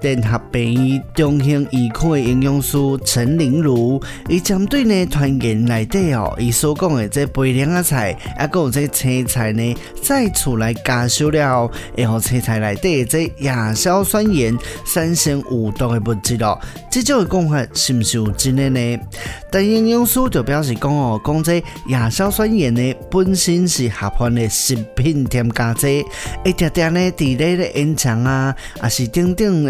立合編于中興醫科營養師陳玲如，伊針對呢團員，內底哦，伊所講的這白涼啊菜，啊個這青菜呢，再出來加少了，然後青菜內底這亞硝酸鹽，產生有毒的物質咯，即種嘅講法是唔是有真嘅呢？但營養師就表示講哦，講這亞硝酸鹽呢本身是合番嘅食品添加劑，這個，一點點呢佇內咧隱藏啊，啊是頂頂。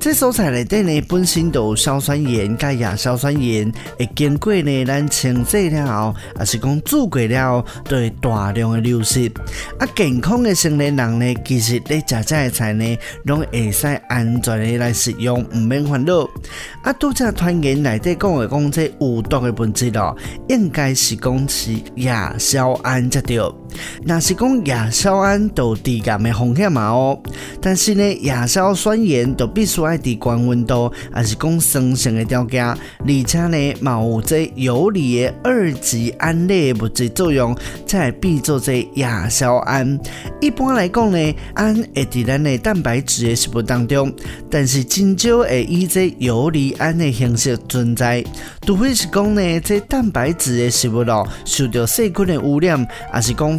這蔬菜裏底呢，本身就有硝酸鹽、甲亞硝酸鹽，會經過呢咱清洗了後，也是講煮過了，就會大量的流失。啊，健康嘅成年人呢，其實你食這些菜呢，攏會使安全的來食用，唔免煩惱。啊，拄只傳言裏底講的講這有毒嘅物質咯，應該是講是亞硝胺才對。那是講亞硝胺都致癌的風險嘛哦，但是呢亞硝酸鹽都必須愛佇高溫度，也是講酸性嘅條件，而且呢嘛有這游離嘅二級胺類物質作用，才會變做這亞硝胺。一般來講呢，胺會佇咱嘅蛋白質嘅食物當中，但是真少會以這游離胺嘅形式存在，除非是講呢這個、蛋白質嘅食物咯，受到細菌嘅污染，還是講。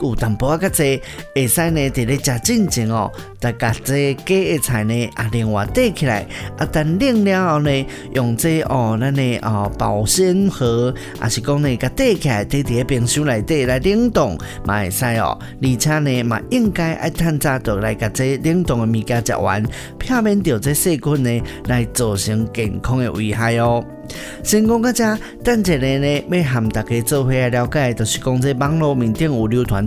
有淡薄啊，較濟，會使呢，佇咧食正經哦。逐家這過嘅菜呢，也另外帶起來。啊，等冷了後、哦、呢，用這個哦，咱誒哦保鮮盒，啊是講呢，甲帶起來，佇啲冰箱內底來冷凍，嘛會使哦。而且呢，嘛應該要趁早就來甲這冷凍嘅物件食完，避免掉這細菌呢，來造成健康嘅危害哦。先講到遮，等一下呢，要含大家做伙來了解，就是講即網絡面頂有流傳。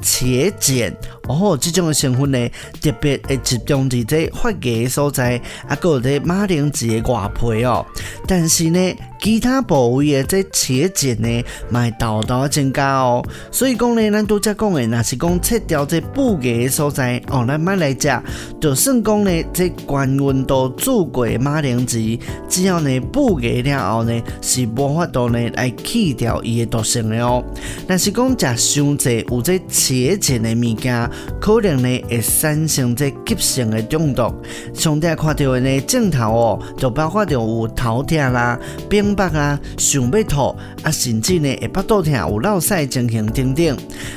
茄鹼哦，這種嘅成分咧，特別會集中佇這發芽嘅所在，啊，還有這個馬鈴薯嘅外皮哦、喔。但是呢，其他部位嘅這茄鹼呢，賣大大增加哦、喔。所以講咧，咱拄才講嘅，那是講切掉這布芽嘅所在哦，咱買來食，就算講咧，這高、個、溫都煮過的馬鈴薯，只要呢布芽了後呢，是無法度呢來去掉伊嘅毒性嘅哦、喔。那是講食傷儕有這個。食以前嘅物件，可能呢會產生即急性嘅中毒。上底看到嘅呢症狀哦，就包括着有頭痛啦、啊、鼻塞啦、想要吐，啊甚至呢會腹肚痛、有漏屎情形等等。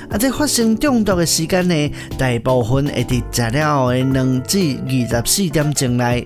啊，即發生中毒嘅時間呢，大部分會佇食了後嘅兩至二十四點鐘內。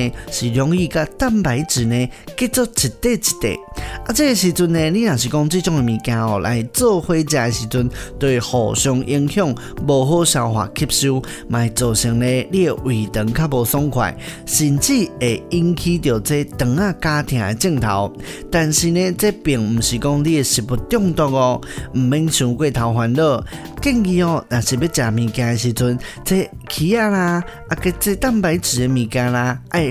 是容易噶蛋白質呢，結作一塊一塊。啊，這個時候呢，你若是講這種嘅物件哦，來做伙食嘅時陣，對互相影響，唔好消化吸收，咪造成呢你嘅胃腸較不爽快，甚至會引起到這腸啊、絞痛的徵兆。但是呢，這個、並不是講你的食物中毒哦、喔，唔免想過頭煩惱。建議哦、喔，若是要食物件的時候，即、這、起、個、啊這個蛋的啦，啊加即蛋白質嘅物件啦，哎。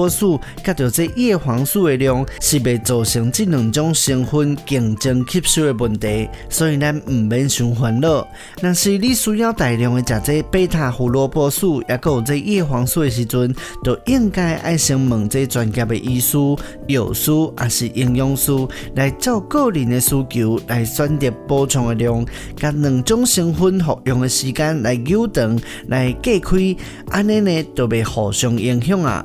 色素甲着這葉黃素嘅量，是未造成這兩種成分競爭吸收嘅問題，所以咱毋免傷煩惱。但是你需要大量嘅食這貝塔胡蘿蔔素，也有這葉黃素嘅時陣，就應該愛先問這專業嘅醫師、藥師，還是營養師，來照個人嘅需求來選擇補充嘅量，甲兩種成分服用嘅時間來糾等、來隔開，安尼呢就袂互相影響啊。